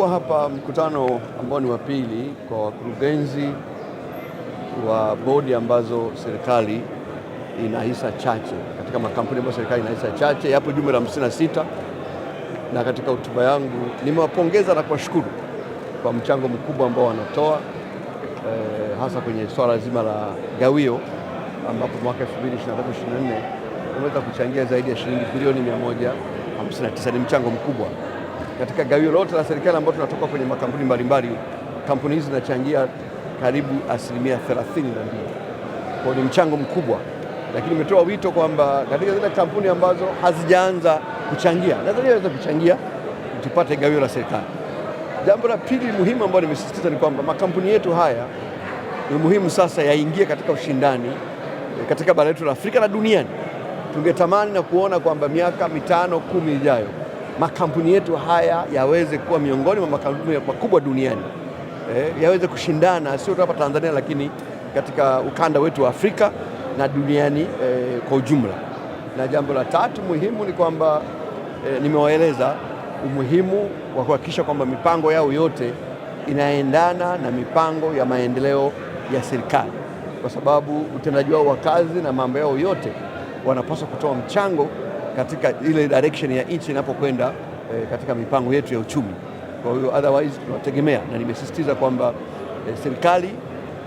Kwa hapa mkutano ambao ni wa pili kwa wakurugenzi wa bodi ambazo serikali ina hisa chache katika makampuni ambayo serikali ina hisa chache, yapo jumla 56 na katika hotuba yangu nimewapongeza na kuwashukuru kwa mchango mkubwa ambao wanatoa eh, hasa kwenye swala zima la gawio ambapo mwaka 2023 24 wameweza kuchangia zaidi ya shilingi bilioni 159. Ni mchango mkubwa katika gawio lote la serikali ambao tunatoka kwenye makampuni mbalimbali, kampuni hizi zinachangia karibu asilimia 32. Kwa ni mchango mkubwa, lakini nimetoa wito kwamba katika zile kampuni ambazo hazijaanza kuchangia na zinaweza kuchangia tupate gawio la serikali. Jambo la pili muhimu ambalo nimesisitiza ni kwamba makampuni yetu haya ni muhimu sasa yaingie katika ushindani e, katika bara letu la Afrika na duniani. Tungetamani na kuona kwamba miaka mitano kumi ijayo makampuni yetu haya yaweze kuwa miongoni mwa makampuni makubwa duniani eh, yaweze kushindana sio tu hapa Tanzania, lakini katika ukanda wetu wa Afrika na duniani eh, kwa ujumla. Na jambo la tatu muhimu ni kwamba eh, nimewaeleza umuhimu wa kuhakikisha kwamba mipango yao yote inaendana na mipango ya maendeleo ya serikali, kwa sababu utendaji wao wa kazi na mambo yao yote wanapaswa kutoa mchango katika ile direction ya nchi inapokwenda e, katika mipango yetu ya uchumi. Kwa hiyo otherwise tunategemea, na nimesisitiza kwamba e, serikali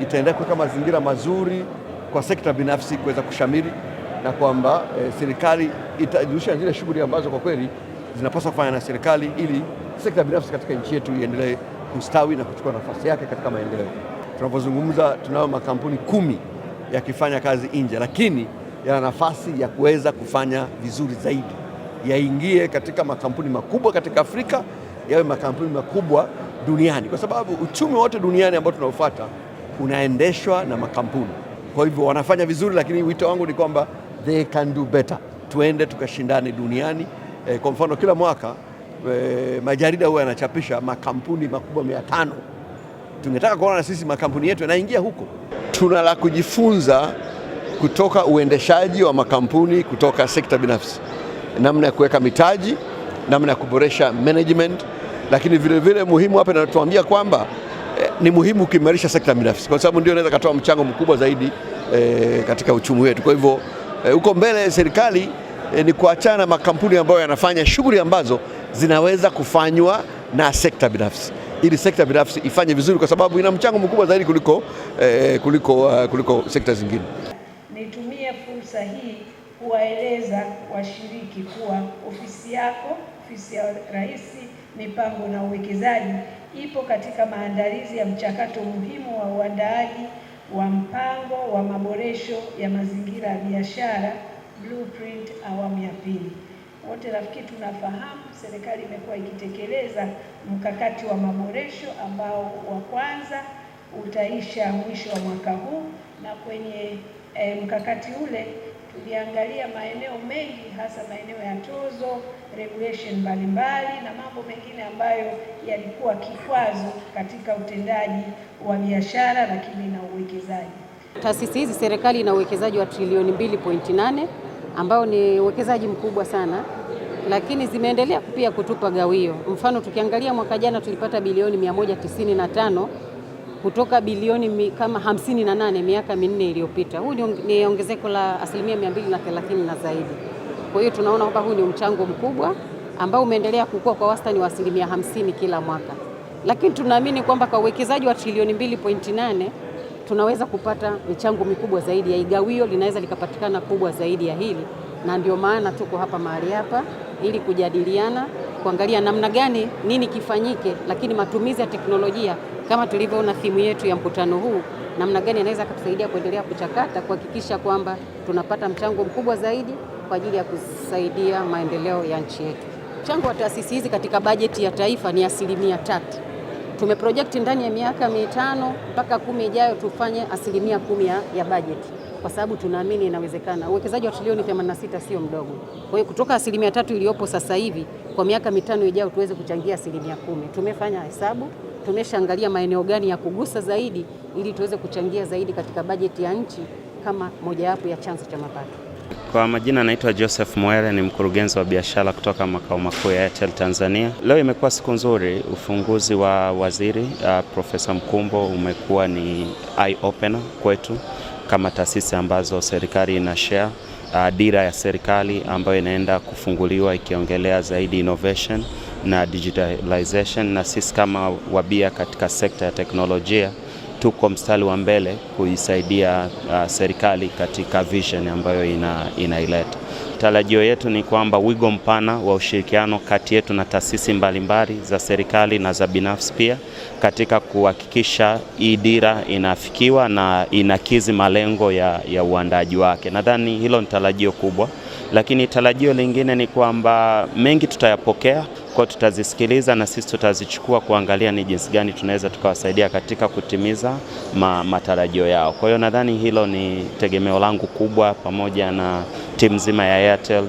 itaendelea kuweka mazingira mazuri kwa sekta binafsi kuweza kushamiri na kwamba e, serikali itajihusisha zile shughuli ambazo kwa kweli zinapaswa kufanya na serikali ili sekta binafsi katika nchi yetu iendelee kustawi na kuchukua nafasi yake katika maendeleo. Tunapozungumza tunayo makampuni kumi yakifanya kazi nje, lakini yana nafasi ya kuweza kufanya vizuri zaidi, yaingie katika makampuni makubwa katika Afrika, yawe makampuni makubwa duniani, kwa sababu uchumi wote duniani ambao tunaofuata unaendeshwa na makampuni. Kwa hivyo wanafanya vizuri, lakini wito wangu ni kwamba they can do better, tuende tukashindane duniani. E, kwa mfano kila mwaka e, majarida huwa yanachapisha makampuni makubwa mia tano. Tungetaka kuona na sisi makampuni yetu yanaingia huko. Tuna la kujifunza kutoka uendeshaji wa makampuni kutoka sekta binafsi, namna ya kuweka mitaji, namna ya kuboresha management, lakini vilevile vile muhimu hapa inatuambia kwamba eh, ni muhimu kuimarisha sekta binafsi kwa sababu ndio inaweza katoa mchango mkubwa zaidi eh, katika uchumi wetu. Kwa hivyo eh, huko eh, mbele serikali eh, ni kuachana na makampuni ambayo yanafanya shughuli ambazo zinaweza kufanywa na sekta binafsi ili sekta binafsi ifanye vizuri kwa sababu ina mchango mkubwa zaidi kuliko, eh, kuliko, uh, kuliko sekta zingine fursa hii kuwaeleza washiriki kuwa ofisi yako, ofisi ya Rais mipango na uwekezaji, ipo katika maandalizi ya mchakato muhimu wa uandaaji wa mpango wa maboresho ya mazingira ya biashara blueprint awamu ya pili. Wote rafiki, tunafahamu serikali imekuwa ikitekeleza mkakati wa maboresho ambao wa kwanza utaisha mwisho wa mwaka huu na kwenye e, mkakati ule tuliangalia maeneo mengi, hasa maeneo ya tozo, regulation mbalimbali na mambo mengine ambayo yalikuwa kikwazo katika utendaji wa biashara lakini na uwekezaji. Taasisi hizi serikali ina uwekezaji wa trilioni 2.8 ambao ni uwekezaji mkubwa sana, lakini zimeendelea pia kutupa gawio. Mfano, tukiangalia mwaka jana tulipata bilioni 195 kutoka bilioni kama hamsini na nane miaka minne iliyopita. Huu ni ongezeko la asilimia mia mbili na thelathini na zaidi. Kwa hiyo tunaona kwamba huu ni mchango mkubwa ambao umeendelea kukua kwa wastani wa asilimia hamsini kila mwaka, lakini tunaamini kwamba kwa uwekezaji wa trilioni nane tunaweza kupata michango mikubwa zaidi ya igawio linaweza likapatikana kubwa zaidi ya hili, na ndio maana tuko hapa mahali hapa ili kujadiliana kuangalia namna gani nini kifanyike, lakini matumizi ya teknolojia kama tulivyoona simu yetu ya mkutano huu, namna gani anaweza kutusaidia kuendelea kuchakata, kuhakikisha kwamba tunapata mchango mkubwa zaidi kwa ajili ya kusaidia maendeleo ya nchi yetu. Mchango wa taasisi hizi katika bajeti ya taifa ni asilimia tatu tumeprojekti ndani ya miaka mitano mpaka kumi ijayo tufanye asilimia kumi ya bajeti kwa sababu tunaamini inawezekana. Uwekezaji wa trilioni 86 sio mdogo. Kwa hiyo kutoka asilimia tatu iliyopo sasa hivi kwa miaka mitano ijayo tuweze kuchangia asilimia kumi. Tumefanya hesabu, tumeshaangalia maeneo gani ya kugusa zaidi ili tuweze kuchangia zaidi katika bajeti ya nchi kama mojawapo ya chanzo cha mapato. Kwa majina naitwa Joseph Mwere, ni mkurugenzi wa biashara kutoka makao makuu ya Airtel Tanzania. Leo imekuwa siku nzuri. Ufunguzi wa waziri uh, Profesa Mkumbo umekuwa ni eye opener kwetu kama taasisi ambazo serikali ina share uh, dira ya serikali ambayo inaenda kufunguliwa ikiongelea zaidi innovation na digitalization, na sisi kama wabia katika sekta ya teknolojia tuko mstari wa mbele kuisaidia uh, serikali katika vision ambayo ina, inaileta. Tarajio yetu ni kwamba wigo mpana wa ushirikiano kati yetu na taasisi mbalimbali za serikali na za binafsi pia katika kuhakikisha hii dira inafikiwa na inakizi malengo ya, ya uandaji wake. Nadhani hilo ni tarajio kubwa, lakini tarajio lingine ni kwamba mengi tutayapokea kwa tutazisikiliza na sisi tutazichukua kuangalia ni jinsi gani tunaweza tukawasaidia katika kutimiza ma, matarajio yao. Kwa hiyo nadhani hilo ni tegemeo langu kubwa pamoja na timu nzima ya Airtel.